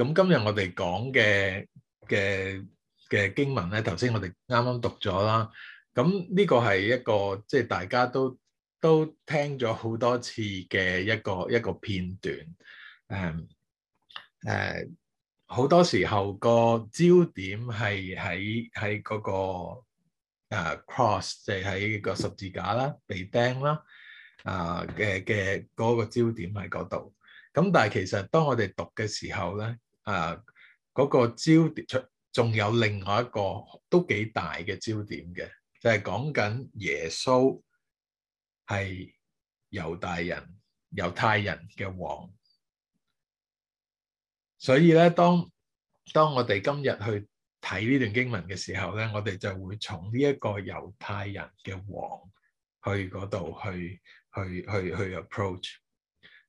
咁今日我哋講嘅嘅嘅經文咧，頭先我哋啱啱讀咗啦。咁呢個係一個即係、就是、大家都都聽咗好多次嘅一個一個片段。誒誒、mm，好、hmm. uh, 多時候個焦點係喺喺嗰個 cross，即係喺個十字架啦，被釘啦。啊嘅嘅嗰個焦點喺嗰度。咁但係其實當我哋讀嘅時候咧，啊！嗰個焦點仲仲有另外一個都幾大嘅焦點嘅，就係講緊耶穌係猶大人、猶太人嘅王。所以咧，當當我哋今日去睇呢段經文嘅時候咧，我哋就會從呢一個猶太人嘅王去嗰度去去去去 approach。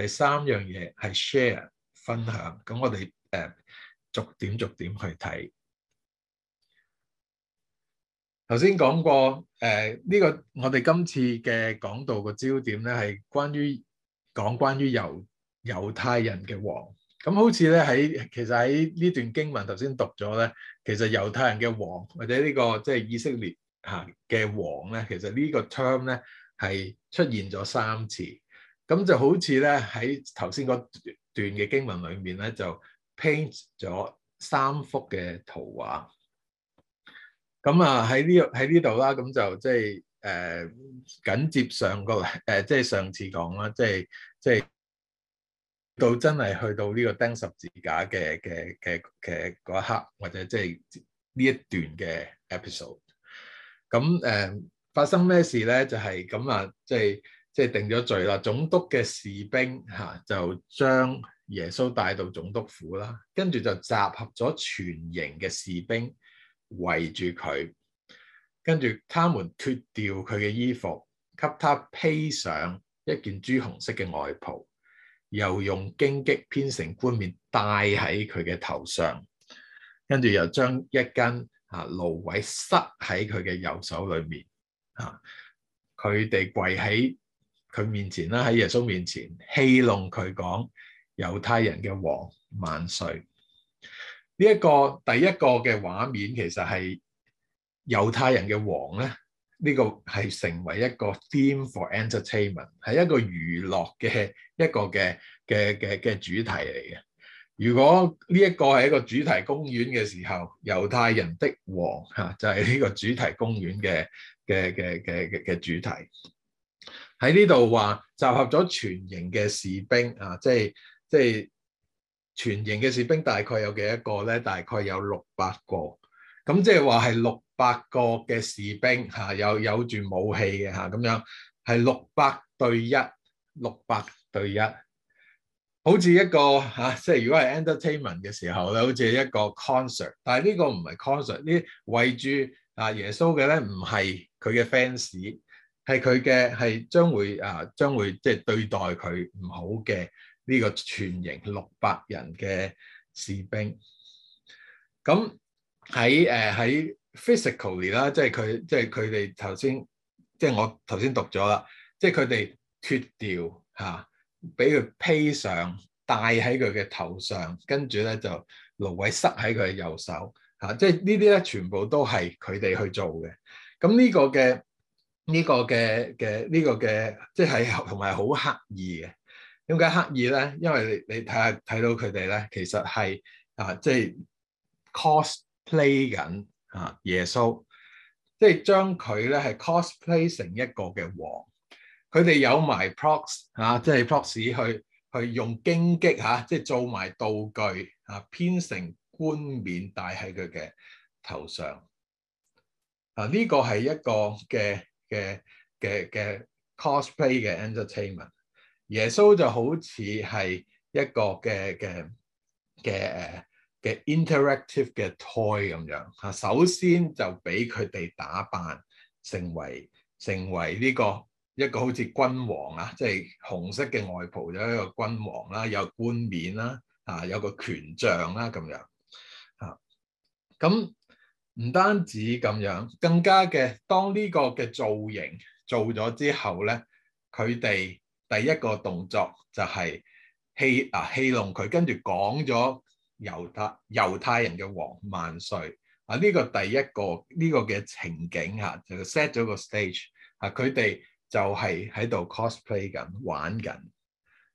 第三樣嘢係 share，分享，咁我哋誒逐點逐點去睇。頭先講過誒呢個，我哋今次嘅講道個焦點咧係關於講關於猶猶太人嘅王。咁好似咧喺其實喺呢段經文頭先讀咗咧，其實猶太人嘅王或者呢個即係以色列嚇嘅王咧，其實呢個 term 咧係出現咗三次。咁就好似咧喺頭先嗰段嘅經文裏面咧，就 paint 咗三幅嘅圖畫。咁啊喺呢個喺呢度啦，咁就即係誒緊接上個誒，即係上次講啦，即係即係到真係去到呢個釘十字架嘅嘅嘅嘅嗰一刻，或者即係呢一段嘅 episode。咁誒發生咩事咧？就係咁啊，即係。即係定咗罪啦，總督嘅士兵吓就將耶穌帶到總督府啦，跟住就集合咗全營嘅士兵圍住佢，跟住他們脫掉佢嘅衣服，給他披上一件朱紅色嘅外袍，又用荊棘編成冠冕戴喺佢嘅頭上，跟住又將一根吓蘆葦塞喺佢嘅右手裏面吓，佢哋跪喺佢面前啦，喺耶穌面前戲弄佢，講猶太人嘅王萬歲。呢、這、一個第一個嘅畫面其實係猶太人嘅王咧，呢、這個係成為一個 theme for entertainment，係一個娛樂嘅一個嘅嘅嘅嘅主題嚟嘅。如果呢一個係一個主題公園嘅時候，猶太人的王嚇就係、是、呢個主題公園嘅嘅嘅嘅嘅嘅主題。喺呢度話集合咗全營嘅士兵啊，即係即係全營嘅士兵大概有幾多個咧？大概有六百個，咁即係話係六百個嘅士兵嚇、啊，有有住武器嘅嚇，咁、啊、樣係六百對一，六百對一，好似一個嚇，即係如果係 entertainment 嘅時候咧，好似係一個 concert，但係呢個唔係 concert，呢圍住啊耶穌嘅咧，唔係佢嘅 fans。係佢嘅，係將會啊，將會即係、就是、對待佢唔好嘅呢個全營六百人嘅士兵。咁喺誒喺 physically 啦，即係佢即係佢哋頭先，即、就、係、是就是、我頭先讀咗啦，即係佢哋脫掉嚇，俾、啊、佢披上，戴喺佢嘅頭上，跟住咧就蘆葦塞喺佢右手嚇，即、啊、係、就是、呢啲咧全部都係佢哋去做嘅。咁呢個嘅。呢個嘅嘅呢個嘅，即係同埋好刻意嘅。點解刻意咧？因為你你睇下睇到佢哋咧，其實係啊，即係 cosplay 緊啊耶穌，即係將佢咧係 cosplay 成一個嘅王。佢哋有埋 props 即係 props 去去用攻擊嚇，即係做埋道具啊，編成冠冕戴喺佢嘅頭上。啊，呢個係一個嘅。嘅嘅嘅 cosplay 嘅 entertainment，耶穌就好似係一個嘅嘅嘅誒嘅 interactive 嘅 toy 咁樣嚇。首先就俾佢哋打扮成為成為呢個一個好似君王啊，即係紅色嘅外袍有一個君王啦，有冠冕啦嚇，有個權杖啦咁樣嚇。咁、啊唔單止咁樣，更加嘅當呢個嘅造型做咗之後咧，佢哋第一個動作就係戲啊戲弄佢，跟住講咗猶太猶太人嘅王萬歲啊！呢、這個第一個呢、這個嘅情景嚇、啊、就是、set 咗個 stage 嚇、啊，佢哋就係喺度 cosplay 緊玩緊，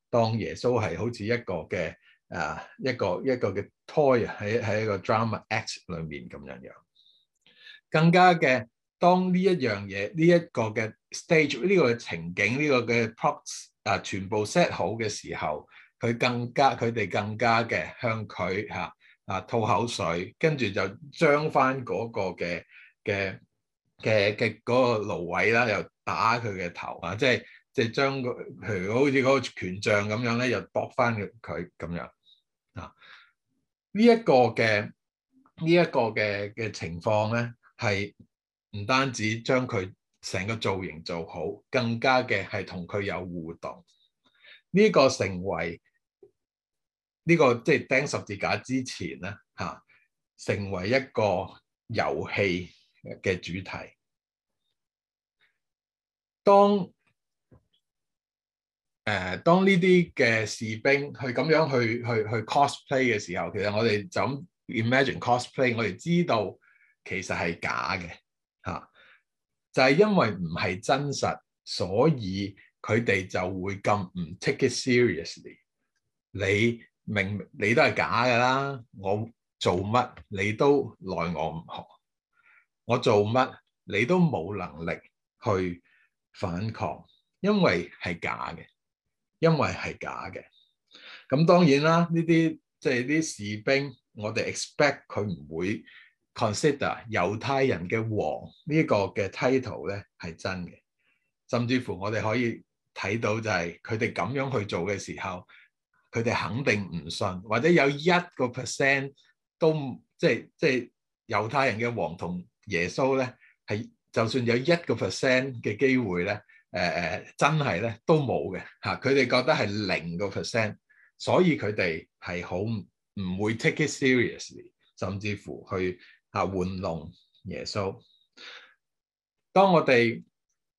當耶穌係好似一個嘅啊一個一個嘅 toy 喺喺一個 drama act 裏面咁樣樣。更加嘅，當呢一樣嘢，呢一個嘅 stage，呢個嘅情景，呢、呢個嘅 props 啊，全部 set 好嘅時候，佢更加佢哋更加嘅向佢嚇啊吐口水，跟住就將翻嗰個嘅嘅嘅嘅嗰個蘆葦啦，又打佢嘅頭啊，即係即係將個譬如好似嗰個權杖咁樣咧，又搏翻佢佢咁樣啊。呢、呢、一個嘅呢一個嘅嘅情況咧。係唔單止將佢成個造型做好，更加嘅係同佢有互動。呢、這個成為呢、這個即係、就是、釘十字架之前咧吓、啊，成為一個遊戲嘅主題。當誒、呃、當呢啲嘅士兵去咁樣去去去 cosplay 嘅時候，其實我哋就咁 imagine cosplay，我哋知道。其實係假嘅，嚇、啊！就係、是、因為唔係真實，所以佢哋就會咁唔 take it seriously。你明明，你都係假嘅啦。我做乜，你都奈我唔何。我做乜，你都冇能力去反抗，因為係假嘅，因為係假嘅。咁當然啦，呢啲即係啲士兵，我哋 expect 佢唔會。Consider 猶太人嘅王，這個、的呢個嘅 title 咧係真嘅。甚至乎我哋可以睇到就係佢哋咁樣去做嘅時候，佢哋肯定唔信，或者有一個 percent 都即係即係猶太人嘅王同耶穌咧係，就算有一個 percent 嘅機會咧，誒、呃、誒真係咧都冇嘅嚇。佢、啊、哋覺得係零個 percent，所以佢哋係好唔會 take it seriously，甚至乎去。啊！玩弄耶穌。當我哋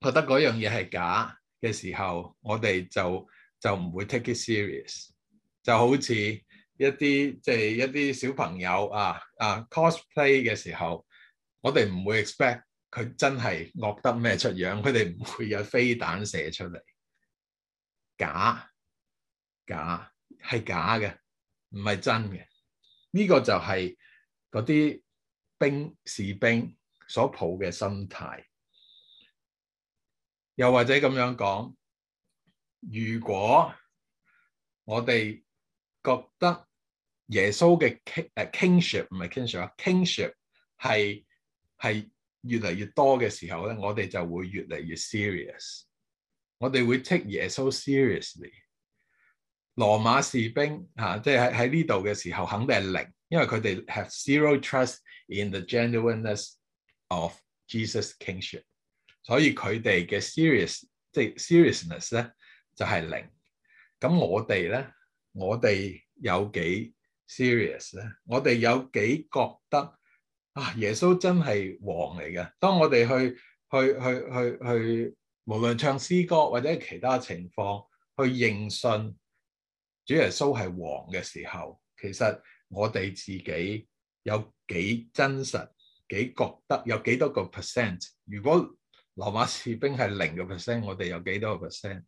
覺得嗰樣嘢係假嘅時候，我哋就就唔會 take it serious，就好似一啲即係一啲小朋友啊啊 cosplay 嘅時候，我哋唔會 expect 佢真係惡得咩出樣，佢哋唔會有飛彈射出嚟。假假係假嘅，唔係真嘅。呢個就係嗰啲。兵士兵所抱嘅心態，又或者咁樣講，如果我哋覺得耶穌嘅 king 誒 kingship 唔係 kinship 啊，kingship 係係越嚟越多嘅時候咧，我哋就會越嚟越 serious，我哋會 take 耶穌 seriously。羅馬士兵吓，即係喺喺呢度嘅時候，肯定係零。因為佢哋 have zero trust in the genuineness of Jesus' kingship，所以佢哋嘅 serious，即係 seriousness 呢就係零。咁我哋咧，我哋有幾 serious 呢？我哋有幾覺得啊，耶穌真係王嚟嘅。當我哋去去去去去，無論唱詩歌或者其他情況，去認信主耶穌係王嘅時候，其實。我哋自己有幾真實，幾覺得有幾多個 percent？如果羅馬士兵係零個 percent，我哋有幾多個 percent？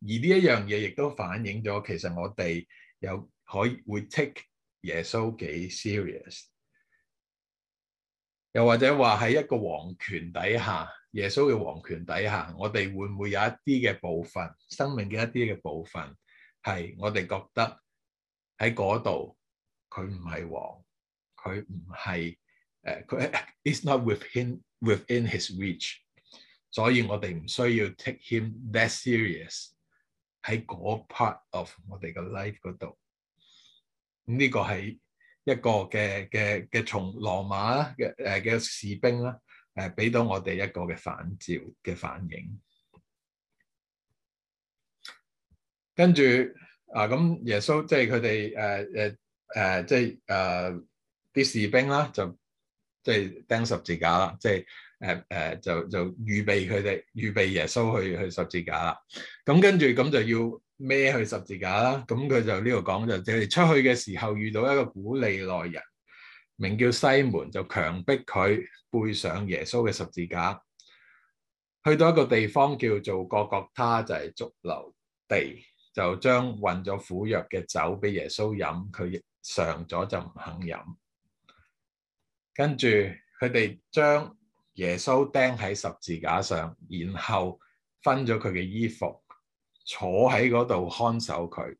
而呢一樣嘢亦都反映咗，其實我哋有可以會 take 耶穌幾 serious，又或者話喺一個皇權底下，耶穌嘅皇權底下，我哋會唔會有一啲嘅部分，生命嘅一啲嘅部分，係我哋覺得喺嗰度。佢唔係王，佢唔係誒，佢、uh, it's not within within his reach，所以我哋唔需要 take him that serious 喺嗰 part of 我哋嘅 life 嗰度。呢、嗯這個係一個嘅嘅嘅從羅馬啦嘅誒嘅士兵啦誒，俾、啊、到我哋一個嘅反照嘅反應。跟住啊，咁、嗯、耶穌即係佢哋誒誒。啊啊誒、呃，即係誒、啲、呃、士兵啦，就即係釘十字架啦，即係誒誒，就就預備佢哋預備耶穌去去十字架啦。咁跟住咁就要孭去十字架啦。咁佢就呢度講就即係出去嘅時候遇到一個古利奈人，名叫西門，就強迫佢背上耶穌嘅十字架，去到一個地方叫做各各他，就係髑髏地，就將混咗苦藥嘅酒俾耶穌飲，佢。嘗咗就唔肯飲，跟住佢哋將耶穌釘喺十字架上，然後分咗佢嘅衣服，坐喺嗰度看守佢。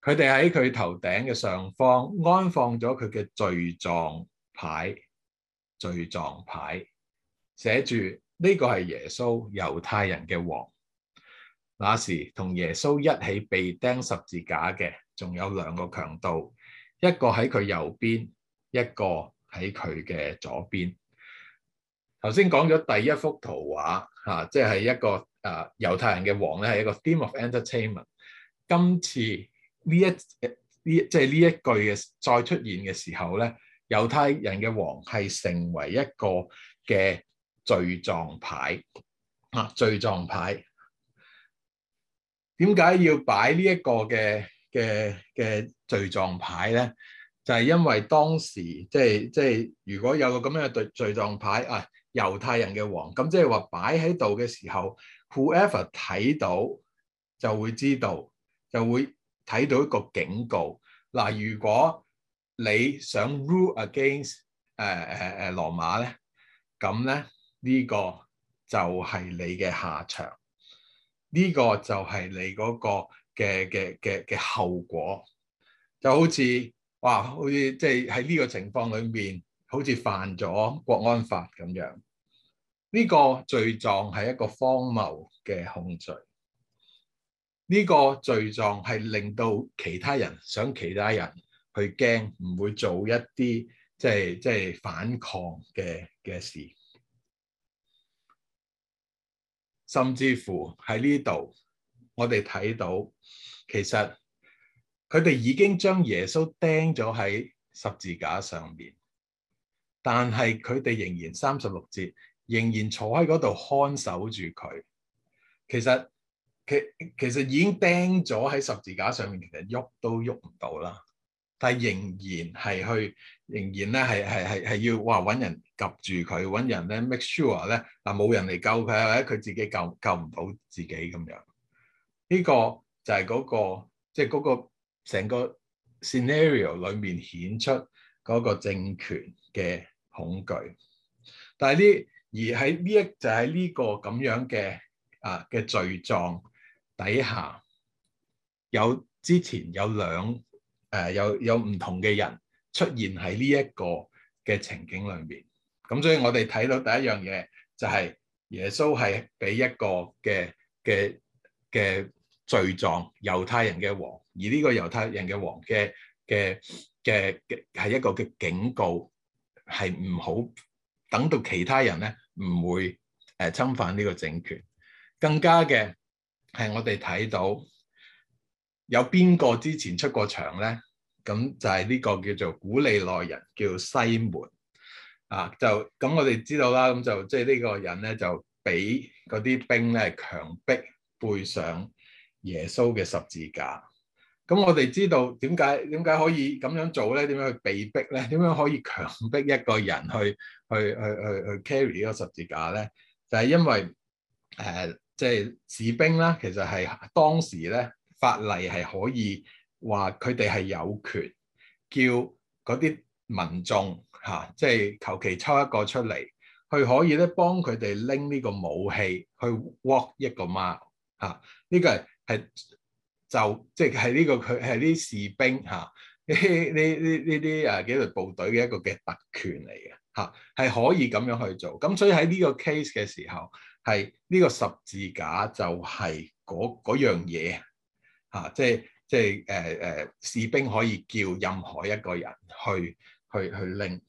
佢哋喺佢頭頂嘅上方安放咗佢嘅罪狀牌，罪狀牌寫住呢個係耶穌，猶太人嘅王。那時同耶穌一起被釘十字架嘅。仲有兩個強盜，一個喺佢右邊，一個喺佢嘅左邊。頭先講咗第一幅圖畫嚇，即、啊、係、就是、一個啊猶太人嘅王咧，係一個 theme of entertainment。今次呢一呢即係呢一句嘅再出現嘅時候咧，猶太人嘅王係成為一個嘅罪狀牌啊！罪狀牌點解要擺呢一個嘅？嘅嘅罪狀牌咧，就係、是、因為當時即係即係，如果有個咁樣嘅罪罪狀牌啊，猶太人嘅王，咁即係話擺喺度嘅時候，whoever 睇到就會知道，就會睇到一個警告。嗱、啊，如果你想 rule against 誒誒誒羅馬咧，咁咧呢、呢個就係你嘅下場，呢、呢個就係你嗰、嗰個。嘅嘅嘅嘅後果就好似哇，好似即係喺呢個情況裏面，好似犯咗國安法咁樣。呢個罪狀係一個荒謬嘅控罪。呢個罪狀係令到其他人想其他人去驚，唔會做一啲即係即係反抗嘅嘅事，甚至乎喺呢度。我哋睇到，其實佢哋已經將耶穌釘咗喺十字架上邊，但係佢哋仍然三十六節，仍然坐喺嗰度看守住佢。其實，其其實已經釘咗喺十字架上面，其實喐都喐唔到啦。但係仍然係去，仍然咧係係係係要話揾人及住佢，揾人咧 make sure 咧嗱冇人嚟救佢，或者佢自己救救唔到自己咁樣。呢個就係嗰、嗰個，即係嗰個成個 scenario 裏面顯出嗰個政權嘅恐懼。但係呢，而喺呢一就喺、係、呢個咁樣嘅啊嘅罪狀底下，有之前有兩誒、啊、有有唔同嘅人出現喺呢一個嘅情景裏面。咁所以我哋睇到第一樣嘢就係耶穌係俾一個嘅嘅嘅。罪狀，猶太人嘅王。而呢個猶太人嘅王嘅嘅嘅嘅係一個嘅警告，係唔好等到其他人咧唔會誒侵犯呢個政權，更加嘅係我哋睇到有邊個之前出過場咧？咁就係呢個叫做古利奈人，叫西門啊。就咁我哋知道啦，咁就即係呢個人咧就俾嗰啲兵咧強迫背上。耶穌嘅十字架咁，那我哋知道點解點解可以咁樣做咧？點樣去被逼咧？點樣可以強迫一個人去去去去去 carry 呢個十字架咧？就係、是、因為誒，即、呃、係、就是、士兵啦。其實係當時咧法例係可以話佢哋係有權叫嗰啲民眾嚇，即係求其抽一個出嚟，去可以咧幫佢哋拎呢個武器去 walk 一個 mile 嚇。呢、啊呢個係。係就即係呢個佢係啲士兵嚇，呢呢呢啲啊幾隊部隊嘅一個嘅特權嚟嘅嚇，係、啊、可以咁樣去做。咁所以喺呢個 case 嘅時候，係呢個十字架就係嗰樣嘢嚇、啊，即係即係誒誒士兵可以叫任何一個人去去去拎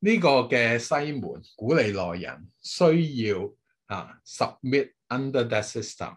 呢、這個嘅西門古利奈人需要嚇 submit under that system。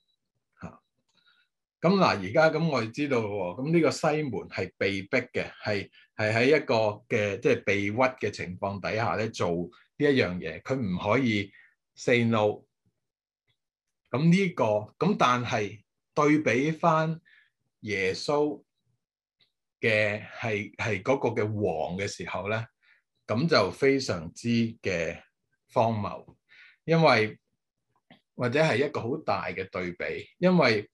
咁嗱，而家咁我哋知道喎，咁呢個西門係被逼嘅，係係喺一個嘅即係被屈嘅情況底下咧做呢一樣嘢，佢唔可以 say no。咁呢個咁但係對比返耶穌嘅係係嗰個嘅王嘅時候咧，咁就非常之嘅荒謬，因為或者係一個好大嘅對比，因為。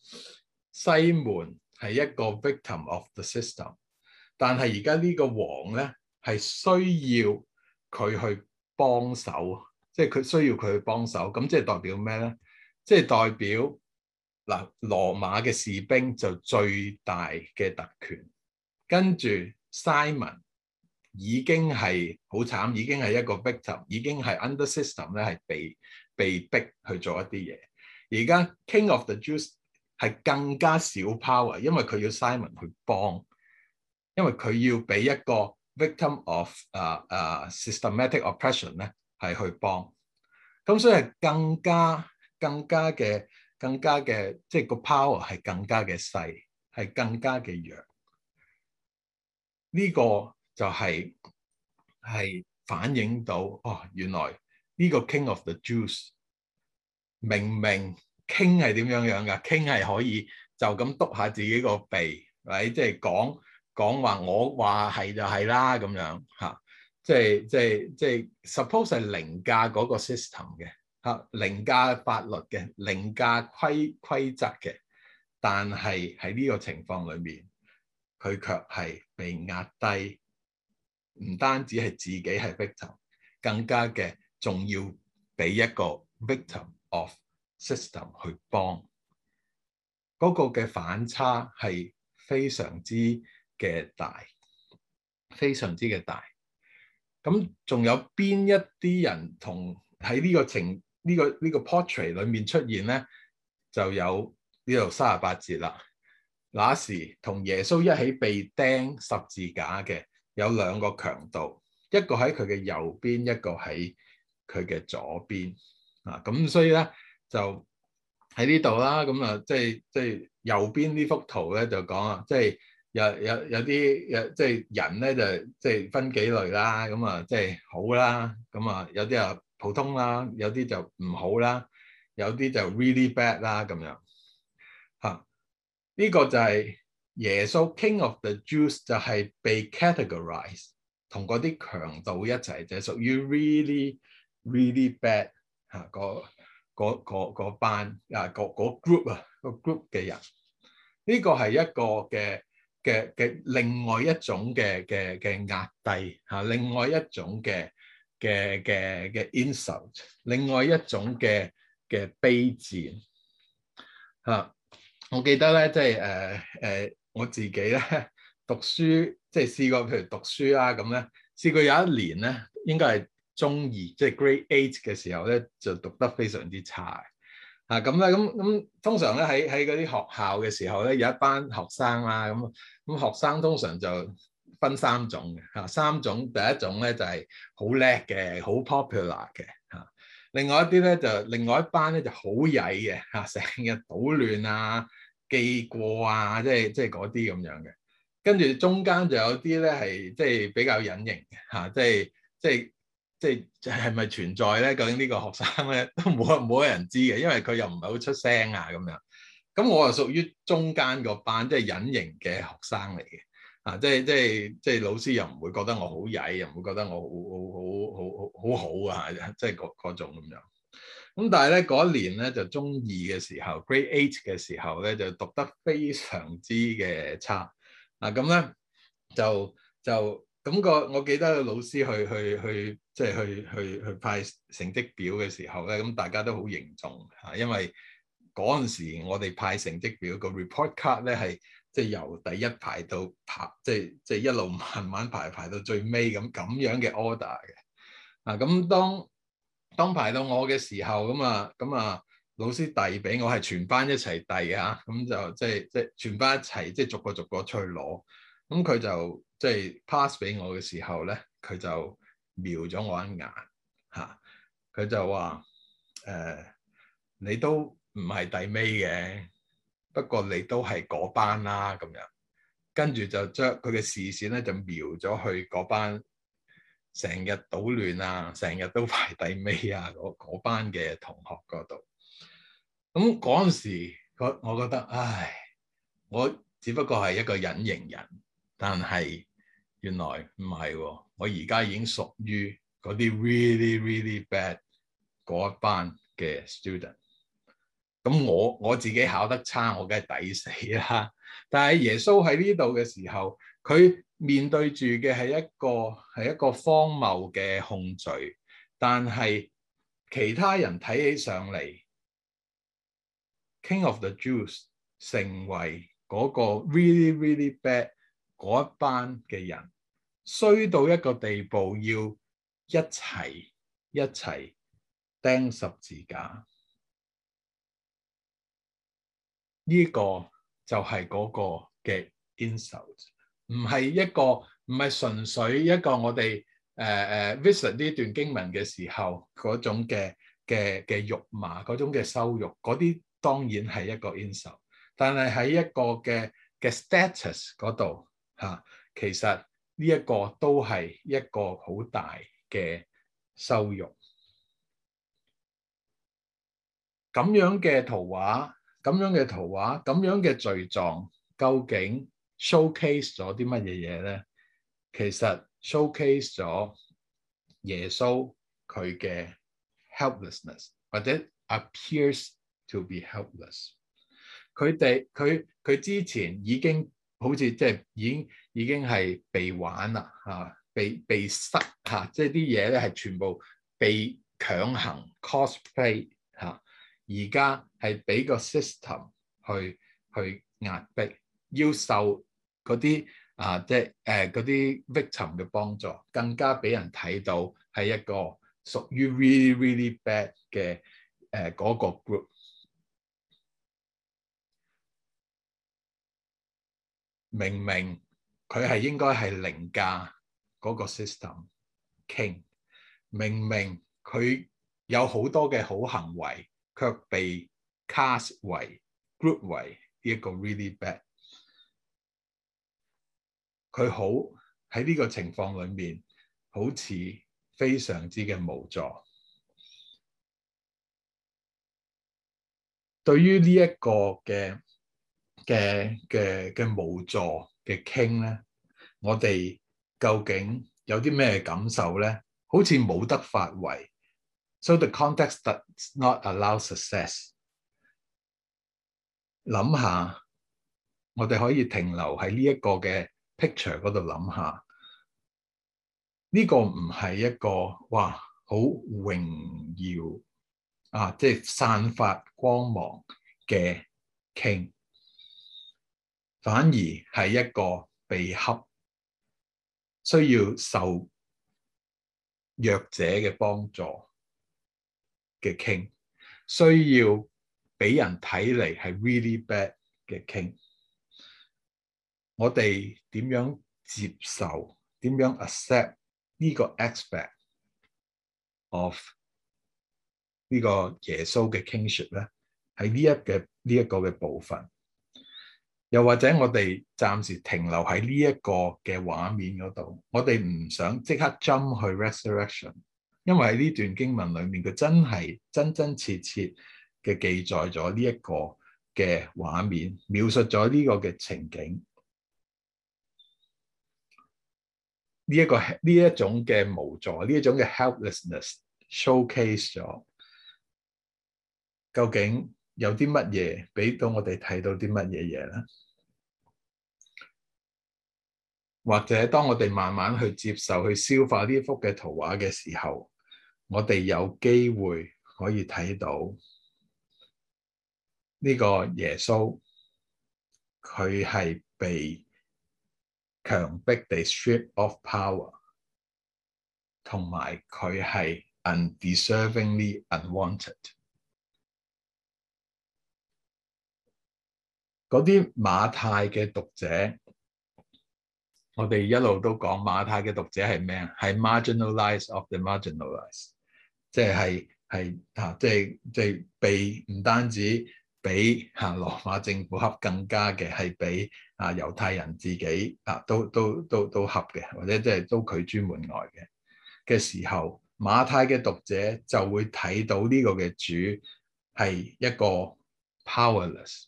西門係一個 victim of the system，但係而家呢個王咧係需要佢去幫手，即係佢需要佢去幫手。咁即係代表咩咧？即係代表，嗱，羅馬嘅士兵就最大嘅特權，跟住 Simon 已經係好慘，已經係一個 victim，已經係 under system 咧，係被被逼去做一啲嘢。而家 king of the Jews。係更加少 power，因為佢要 Simon 去幫，因為佢要俾一個 victim of 啊啊 systematic oppression 咧係去幫，咁所以係更加更加嘅更加嘅即係個 power 係更加嘅細，係更加嘅弱。呢個就係係反映到哦，原來呢個 King of the Jews 明明。傾係點樣樣㗎？傾係可以就咁督下自己個鼻，係即係講講話我話係就係啦咁樣嚇。即係即係即係，suppose 係凌駕嗰個 system 嘅嚇，凌駕法律嘅，凌駕規規則嘅。但係喺呢個情況裏面，佢卻係被壓低，唔單止係自己係 victim，更加嘅仲要俾一個 victim of。system 去幫嗰、那個嘅反差係非常之嘅大，非常之嘅大。咁仲有邊一啲人同喺呢個情呢、這個呢、這個 portrait 裏面出現咧？就有呢度三十八節啦。那時同耶穌一起被釘十字架嘅有兩個強盜，一個喺佢嘅右邊，一個喺佢嘅左邊啊。咁所以咧。就喺呢度啦，咁啊、就是，即係即係右邊呢幅圖咧，就講啊，即係有有有啲有即係人咧，就即、是、係、就是、分幾類啦，咁啊，即係好啦，咁啊，有啲啊普通啦，有啲就唔好啦，有啲就 really bad 啦咁樣。嚇、啊，呢、這個就係耶穌 King of the Jews 就係被 categorize 同嗰啲強盜一齊啫，屬、就、於、是、really really bad 嚇、啊那個。嗰班啊，嗰 group 啊，嗰 group 嘅人，呢、這個係一個嘅嘅嘅另外一種嘅嘅嘅壓低嚇，另外一種嘅嘅嘅嘅 insult，另外一種嘅嘅卑賤嚇。我記得咧，即係誒誒，我自己咧讀書，即係試過，譬如讀書啊咁咧，試過有一年咧，應該係。中二即係、就是、grade eight 嘅時候咧，就讀得非常之差嚇。咁、啊、咧，咁咁通常咧喺喺嗰啲學校嘅時候咧，有一班學生啦。咁、啊、咁學生通常就分三種嘅嚇、啊，三種第一種咧就係好叻嘅，好 popular 嘅嚇、啊。另外一啲咧就另外一班咧就好曳嘅嚇，成日搗亂啊、記、啊、過啊，即係即係嗰啲咁樣嘅。跟住中間就有啲咧係即係比較隱形嘅嚇，即係即係。就是就是即係係咪存在咧？究竟呢個學生咧都冇冇人知嘅，因為佢又唔係好出聲啊咁樣。咁我又屬於中間個班，即係隱形嘅學生嚟嘅啊！即係即係即係老師又唔會覺得我好曳，又唔會覺得我好好好好好好好啊！即係嗰種咁樣。咁但係咧嗰一年咧就中二嘅時候，Grade Eight 嘅時候咧就讀得非常之嘅差啊！咁咧就就。就咁、嗰個我記得老師去去去即係去去去派成績表嘅時候咧，咁大家都好凝重嚇，因為嗰陣時候我哋派成績表個 report card 咧係即係由第一排到排即係即係一路慢慢排排到最尾咁咁樣嘅 order 嘅啊。咁當當排到我嘅時候，咁啊咁啊老師遞俾我係全班一齊遞啊，咁就即係即係全班一齊即係逐個逐個出去攞，咁佢就。即係 pass 俾我嘅時候咧，佢就瞄咗我一眼嚇，佢、啊、就話：誒、呃，你都唔係第尾嘅，不過你都係嗰班啦咁樣。跟住就將佢嘅視線咧就瞄咗去嗰班成日搗亂啊，成日都排第尾啊嗰班嘅同學嗰度。咁嗰時我我覺得，唉，我只不過係一個隱形人。但係原來唔係喎，我而家已經屬於嗰啲 really really bad 嗰一班嘅 student。咁我我自己考得差，我梗係抵死啦。但係耶穌喺呢度嘅時候，佢面對住嘅係一個係一個荒謬嘅控罪，但係其他人睇起上嚟，King of the Jews 成為嗰個 really really bad。嗰一班嘅人衰到一個地步，要一齊一齊釘十字架，呢、這個就係嗰個嘅 insult，唔係一個唔係純粹一個我哋誒、uh, visit 呢段經文嘅時候嗰種嘅嘅嘅辱罵嗰種嘅羞辱，嗰啲當然係一個 insult，但係喺一個嘅嘅 status 嗰度。嚇、啊，其實呢一個都係一個好大嘅羞辱。咁樣嘅圖畫，咁樣嘅圖畫，咁樣嘅罪狀，究竟 showcase 咗啲乜嘢嘢咧？其實 showcase 咗耶穌佢嘅 helplessness，或者 appears to be helpless。佢哋佢佢之前已經。好似即係已經已經係被玩啦，嚇、啊，被被塞嚇，即係啲嘢咧係全部被強行 cosplay 嚇，而家係俾個 system 去去壓迫，要受嗰啲啊即係誒嗰啲 victim 嘅幫助，更加俾人睇到係一個屬於 really really bad 嘅誒嗰個 group。明明佢係應該係凌駕嗰個 system，king。明明佢有好多嘅好行為，卻被 cast 為 group 為呢一個 really bad。佢好喺呢個情況裏面，好似非常之嘅無助。對於呢一個嘅。嘅嘅嘅無助嘅 king 咧，我哋究竟有啲咩感受咧？好似冇得發圍，so the context does not allow success。諗下，我哋可以停留喺呢一個嘅 picture 嗰度諗下，呢個唔係一個哇好榮耀啊，即係散發光芒嘅 king。反而係一個被恰，需要受弱者嘅幫助嘅 king，需要俾人睇嚟係 really bad 嘅 king。我哋點樣接受、點樣 accept 呢個 aspect of 呢個耶穌嘅 kingship 咧？喺呢一嘅呢一個嘅、這個、部分。又或者我哋暫時停留喺呢一個嘅畫面嗰度，我哋唔想即刻 jump 去 resurrection，因為喺呢段經文裏面，佢真係真真切切嘅記載咗呢一個嘅畫面，描述咗呢個嘅情景，呢一個呢一種嘅無助，呢一種嘅 helplessness，showcase 咗究竟。有啲乜嘢俾到我哋睇到啲乜嘢嘢咧？或者當我哋慢慢去接受、去消化呢幅嘅圖畫嘅時候，我哋有機會可以睇到呢個耶穌，佢係被強迫地 strip off power，同埋佢係 undeservingly unwanted。嗰啲馬太嘅讀者，我哋一路都講馬太嘅讀者係咩啊？係 marginalized of the marginalized，即係係啊，即係即係被唔單止被啊羅馬政府恰更加嘅，係被啊猶太人自己啊都都都都恰嘅，或者即係都拒諸門外嘅嘅時候，馬太嘅讀者就會睇到呢個嘅主係一個 powerless。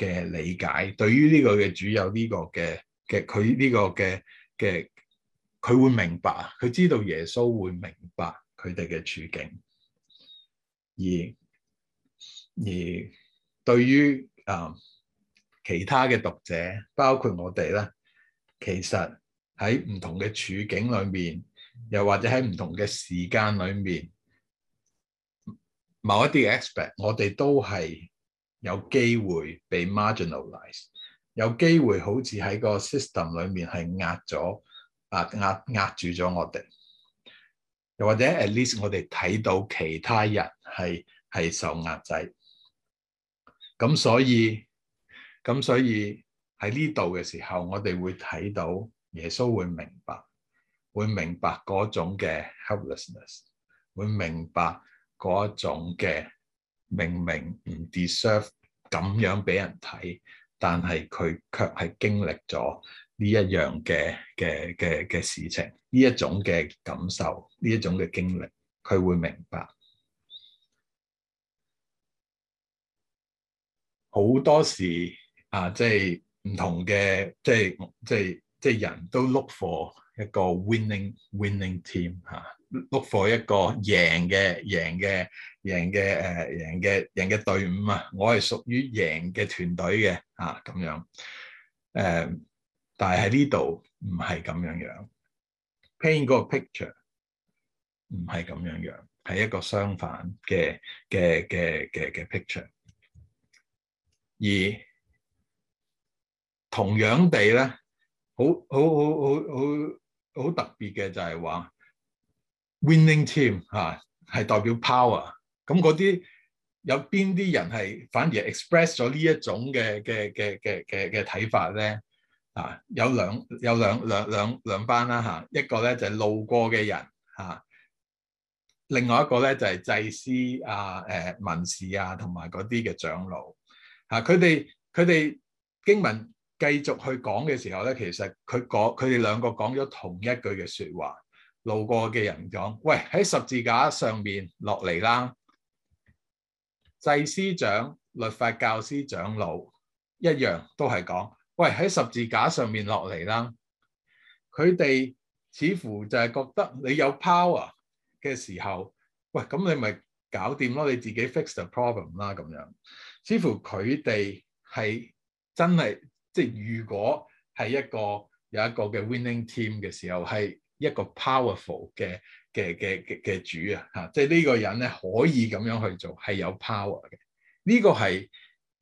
嘅理解，對於呢個嘅主有呢個嘅嘅佢呢個嘅嘅，佢會明白，佢知道耶穌會明白佢哋嘅處境，而而對於啊、呃、其他嘅讀者，包括我哋咧，其實喺唔同嘅處境裏面，又或者喺唔同嘅時間裏面，某一啲嘅 aspect，我哋都係，有機會被 marginalize 有機會好似喺個 system 裏面係壓咗，啊壓壓住咗我哋，又或者 at least 我哋睇到其他人係係受壓制，咁所以咁所以喺呢度嘅時候，我哋會睇到耶穌會明白，會明白嗰種嘅 helplessness，會明白嗰種嘅。明明唔 deserve 咁樣俾人睇，但係佢卻係經歷咗呢一樣嘅嘅嘅嘅事情，呢一種嘅感受，呢一種嘅經歷，佢會明白好多時啊！即係唔同嘅，即係即係即係人都 look for 一個 winning winning team 吓。碌貨一個贏嘅贏嘅贏嘅誒、呃、贏嘅、呃、贏嘅隊伍啊！我係屬於贏嘅團隊嘅啊，咁樣誒、呃，但係喺呢度唔係咁樣樣。Paint、嗯、個 picture 唔係咁樣樣，係一個相反嘅嘅嘅嘅嘅 picture。而同樣地咧，好好好好好好特別嘅就係話。Winning team 啊，係代表 power。咁嗰啲有邊啲人係反而 express 咗呢一種嘅嘅嘅嘅嘅嘅睇法咧？啊，有兩有兩兩兩兩班啦吓，一個咧就係路過嘅人吓，另外一個咧就係祭司啊、誒文士啊同埋嗰啲嘅長老吓，佢哋佢哋經文繼續去講嘅時候咧，其實佢講佢哋兩個講咗同一句嘅說話。路過嘅人講：「喂，喺十字架上面落嚟啦！祭司長、律法教師、長老一樣都係講：「喂，喺十字架上面落嚟啦！佢哋似乎就係覺得你有 power 嘅時候，喂，咁你咪搞掂咯，你自己 fix the problem 啦咁樣。似乎佢哋係真係，即係如果係一個有一個嘅 winning team 嘅時候係。一個 powerful 嘅嘅嘅嘅主啊，即係呢個人咧可以咁樣去做，係有 power 嘅。呢個係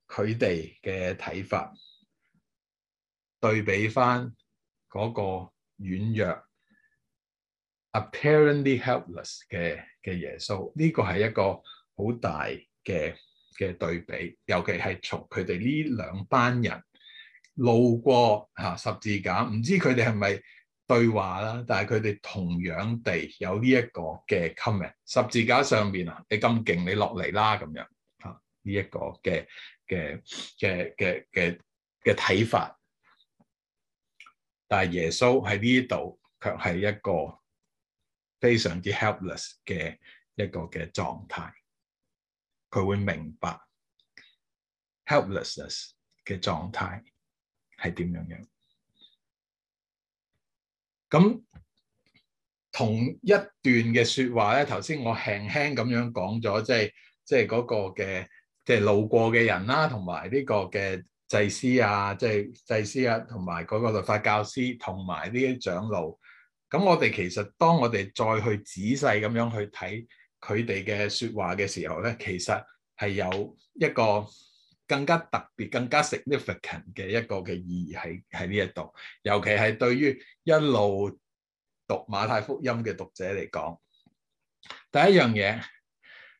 佢哋嘅睇法。對比翻嗰個軟弱、apparently helpless 嘅嘅耶穌，呢個係一個好大嘅嘅對比。尤其係從佢哋呢兩班人路過、啊、十字架，唔知佢哋係咪？對話啦，但係佢哋同樣地有呢一個嘅 comment，十字架上面啊，你咁勁，你落嚟啦咁樣，嚇呢一個嘅嘅嘅嘅嘅嘅睇法。但係耶穌喺呢度卻係一個非常之 helpless 嘅一個嘅狀態，佢會明白 helplessness 嘅狀態係點樣樣。咁同一段嘅說話咧，頭先我輕輕咁樣講咗，即係即係嗰個嘅即係路過嘅人啦，同埋呢個嘅祭司啊，即係祭司啊，同埋嗰個律法教師，同埋呢啲長老。咁我哋其實當我哋再去仔細咁樣去睇佢哋嘅說話嘅時候咧，其實係有一個。更加特別、更加 significant 嘅一個嘅意義喺喺呢一度，尤其係對於一路讀馬太福音嘅讀者嚟講，第一樣嘢，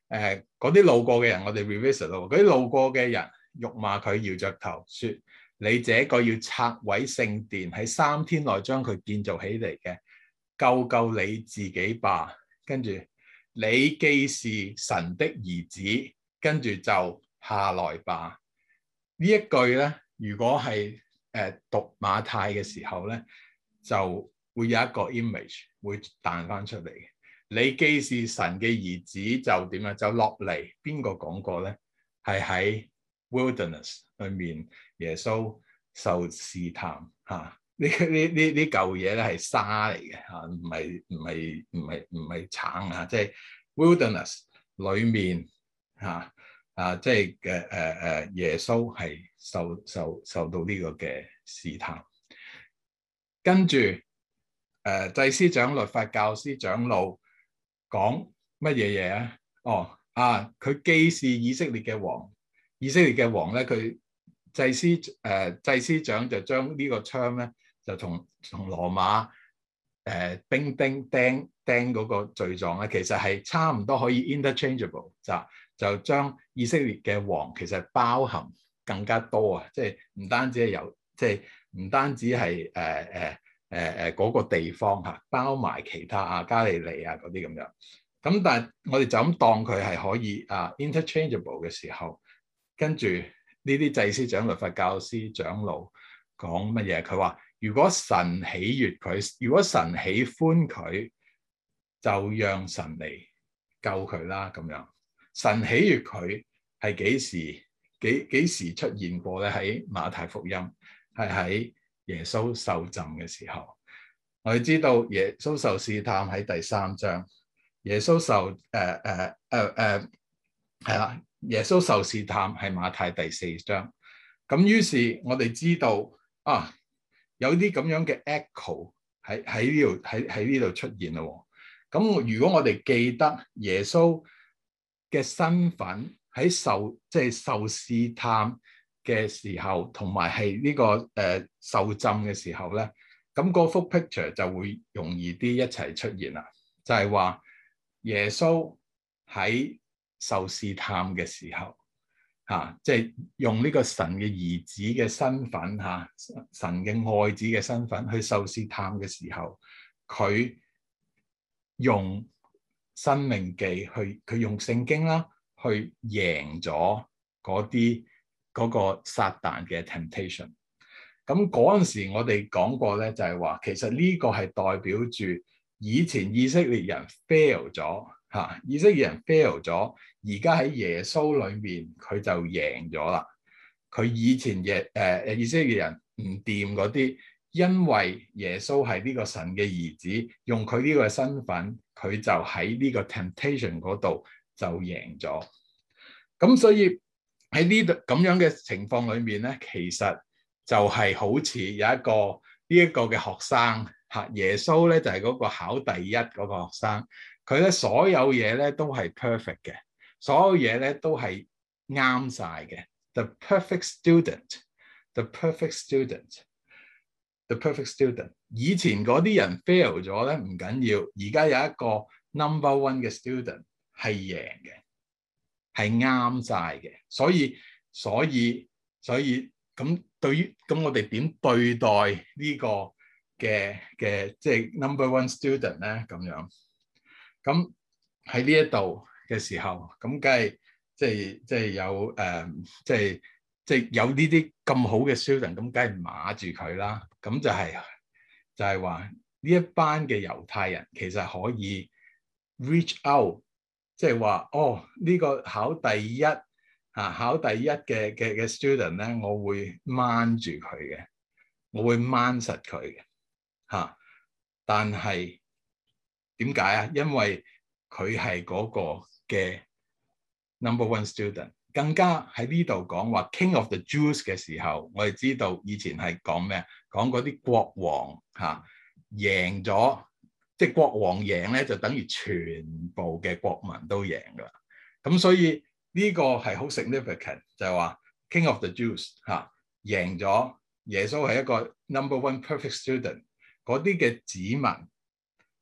誒嗰啲路過嘅人，我哋 revisit 到，嗰啲路過嘅人辱罵佢，搖着頭，説：你這個要拆毀聖殿，喺三天內將佢建造起嚟嘅，救救你自己吧！跟住你既是神的兒子，跟住就。下來吧，呢一句咧，如果係誒讀馬太嘅時候咧，就會有一個 image 會彈翻出嚟。你既是神嘅兒子，就點樣？走落嚟，邊個講過咧？係喺 wilderness 裏面，耶穌受試探吓。呢呢呢呢舊嘢咧係沙嚟嘅吓，唔係唔係唔係唔係橙吓，即、啊、係、就是、wilderness 裏面吓。啊。啊，即係嘅，誒、啊、誒、啊，耶穌係受受受到呢個嘅試探，跟住誒、啊、祭司長、律法教師、長老講乜嘢嘢啊？哦啊，佢既是以色列嘅王，以色列嘅王咧，佢祭司誒、啊、祭司長就將呢個槍咧，就同同羅馬誒釘釘釘釘嗰個罪狀咧，其實係差唔多可以 interchangeable 就就將。以色列嘅王其實包含更加多啊，即係唔單止係有，即係唔單止係誒誒誒誒嗰個地方嚇，包埋其他啊加利利啊嗰啲咁樣。咁但係我哋就咁當佢係可以啊 interchangeable 嘅時候，跟住呢啲祭司長、律法教師、長老講乜嘢？佢話：如果神喜悅佢，如果神喜歡佢，就讓神嚟救佢啦咁樣。神喜悅佢係幾時？幾幾時出現過咧？喺馬太福音係喺耶穌受浸嘅時候，我哋知道耶穌受試探喺第三章。耶穌受誒誒誒誒係啦，耶穌受試探係馬太第四章。咁於是我哋知道啊，有啲咁樣嘅 echo 喺喺呢度喺喺呢度出現啦。咁如果我哋記得耶穌，嘅身份喺受即係受試探嘅時候，同埋係呢個誒、呃、受浸嘅時候咧，咁、那、嗰、個、幅 picture 就會容易啲一齊出現啦。就係、是、話耶穌喺受試探嘅時候，吓即係用呢個神嘅兒子嘅身份吓、啊，神嘅愛子嘅身份去受試探嘅時候，佢用。生命記去佢用聖經啦，去贏咗嗰啲嗰個撒旦嘅 temptation。咁嗰陣時我哋講過咧，就係話其實呢個係代表住以前以色列人 fail 咗嚇、啊，以色列人 fail 咗，而家喺耶穌裏面佢就贏咗啦。佢以前嘅誒誒以色列人唔掂嗰啲。因為耶穌係呢個神嘅兒子，用佢呢個身份，佢就喺呢個 temptation 嗰度就贏咗。咁所以喺呢度咁樣嘅情況裏面咧，其實就係好似有一個呢一個嘅學生嚇，耶穌咧就係嗰個考第一嗰個學生，佢咧所有嘢咧都係 perfect 嘅，所有嘢咧都係啱晒嘅，the perfect student，the perfect student。The perfect student，以前嗰啲人 fail 咗咧唔緊要，而家有一個 number one 嘅 student 係贏嘅，係啱晒嘅。所以所以所以咁對於咁我哋點對待呢個嘅嘅即係 number one student 咧咁樣？咁喺呢一度嘅時候，咁梗係即係即係有誒即係。嗯，就是即係有呢啲咁好嘅 student，咁梗係唔馬住佢啦。咁就係就係話呢一班嘅猶太人其實可以 reach out，即係話哦呢個考第一嚇考第一嘅嘅嘅 student 咧，我會掹住佢嘅，我會掹實佢嘅嚇。但係點解啊？因為佢係嗰個嘅 number one student。更加喺呢度講話 King of the Jews 嘅時候，我哋知道以前係講咩？講嗰啲國王嚇贏咗，即係國王贏咧，就等於全部嘅國民都贏噶啦。咁所以呢個係好 significant，就係話 King of the Jews 嚇贏咗，耶穌係一個 number one perfect student，嗰啲嘅子民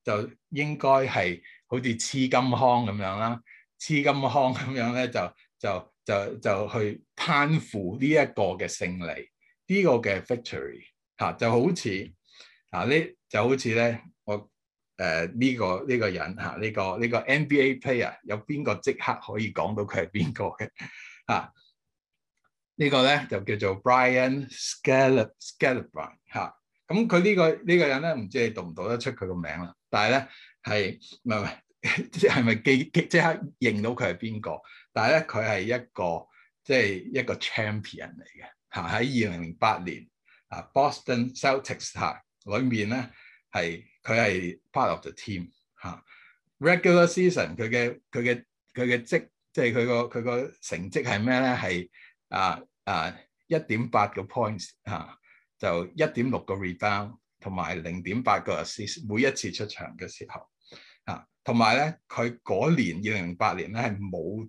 就應該係好似黐金腔咁樣啦，黐金腔咁樣咧就就，就就就去攀附呢一個嘅勝利，呢個嘅 victory，吓，就好似呢就好似咧，我誒呢個呢個人吓呢個呢個 NBA player 有邊個即刻可以講到佢係邊個嘅吓？呢個咧就叫做 Brian Scala Scalabrine 吓。咁佢呢個呢個人咧，唔知你讀唔讀得出佢個名啦？但係咧係唔係係即係咪記即刻認到佢係邊個？但係咧，佢係一個即係、就是、一個 champion 嚟嘅嚇。喺二零零八年啊，Boston Celtics 嚇裏面咧係佢係 part of the team 嚇、啊。Regular season 佢嘅佢嘅佢嘅職即係佢個佢個成績係咩咧？係啊啊一點八個 points 嚇、啊，就一點六個 rebound 同埋零點八個 assist。每一次出場嘅時候啊，同埋咧佢嗰年二零零八年咧係冇，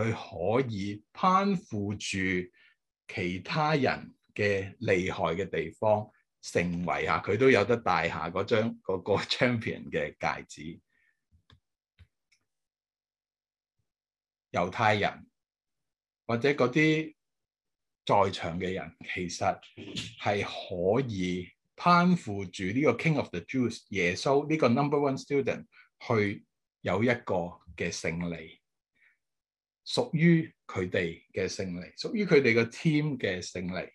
佢可以攀附住其他人嘅厲害嘅地方，成為啊，佢都有得戴下嗰張嗰個 champion 嘅戒指。猶太人或者嗰啲在場嘅人，其實係可以攀附住呢個 king of the Jews 耶穌呢個 number one student 去有一個嘅勝利。屬於佢哋嘅勝利，屬於佢哋嘅 team 嘅勝利。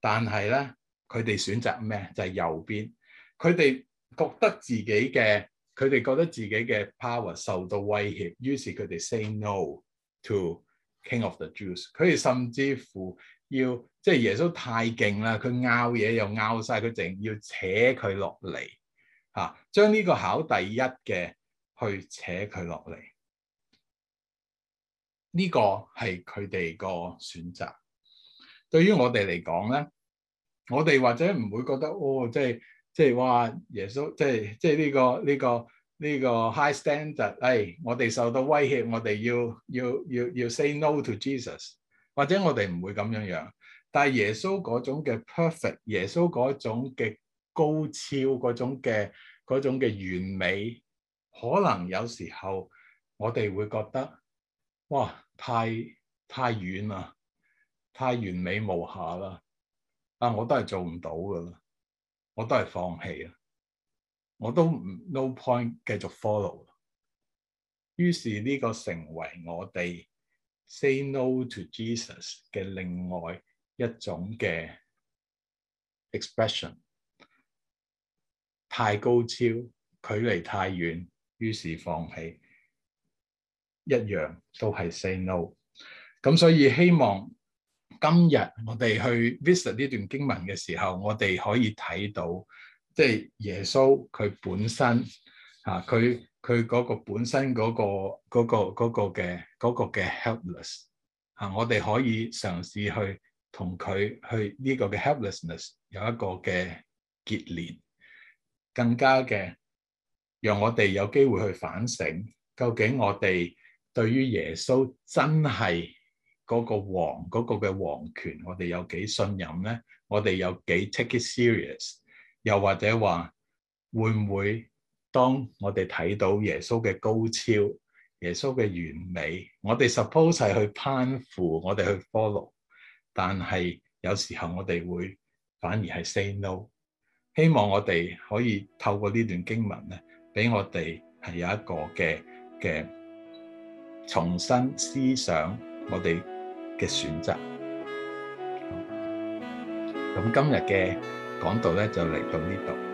但係咧，佢哋選擇咩？就係右邊。佢哋覺得自己嘅，佢哋覺得自己嘅 power 受到威脅，於是佢哋 say no to king of the Jews。佢哋甚至乎要，即係耶穌太勁啦，佢拗嘢又拗晒，佢淨要扯佢落嚟啊！將呢個考第一嘅去扯佢落嚟。呢個係佢哋個選擇。對於我哋嚟講咧，我哋或者唔會覺得，哦，即係即係話耶穌，即係即係呢個呢個呢個 high standard，哎。誒，我哋受到威脅，我哋要要要要 say no to Jesus。或者我哋唔會咁樣樣。但係耶穌嗰種嘅 perfect，耶穌嗰種極高超嗰種嘅嗰種嘅完美，可能有時候我哋會覺得，哇！太太遠啦，太完美無瑕啦，啊！我都係做唔到㗎喇，我都係放棄啊，我都唔 no point 繼續 follow。於是呢個成為我哋 say no to Jesus 嘅另外一種嘅 expression。太高超，距離太遠，於是放棄。一樣都係 say no，咁所以希望今日我哋去 visit 呢段經文嘅時候，我哋可以睇到，即係耶穌佢本身啊，佢佢嗰個本身嗰個嗰個嗰個嘅嗰個嘅 helpless 啊，我哋可以嘗試去同佢去呢個嘅 helplessness 有一個嘅結連，更加嘅讓我哋有機會去反省，究竟我哋。對於耶穌真係嗰個王嗰個嘅王權，我哋有幾信任咧？我哋有幾 take it serious？又或者話會唔會當我哋睇到耶穌嘅高超、耶穌嘅完美，我哋 suppose 係去攀附、我哋去 follow，但係有時候我哋會反而係 say no。希望我哋可以透過呢段經文咧，俾我哋係有一個嘅嘅。的，重新思想我哋嘅選擇。咁今日嘅講道呢，就嚟到呢度。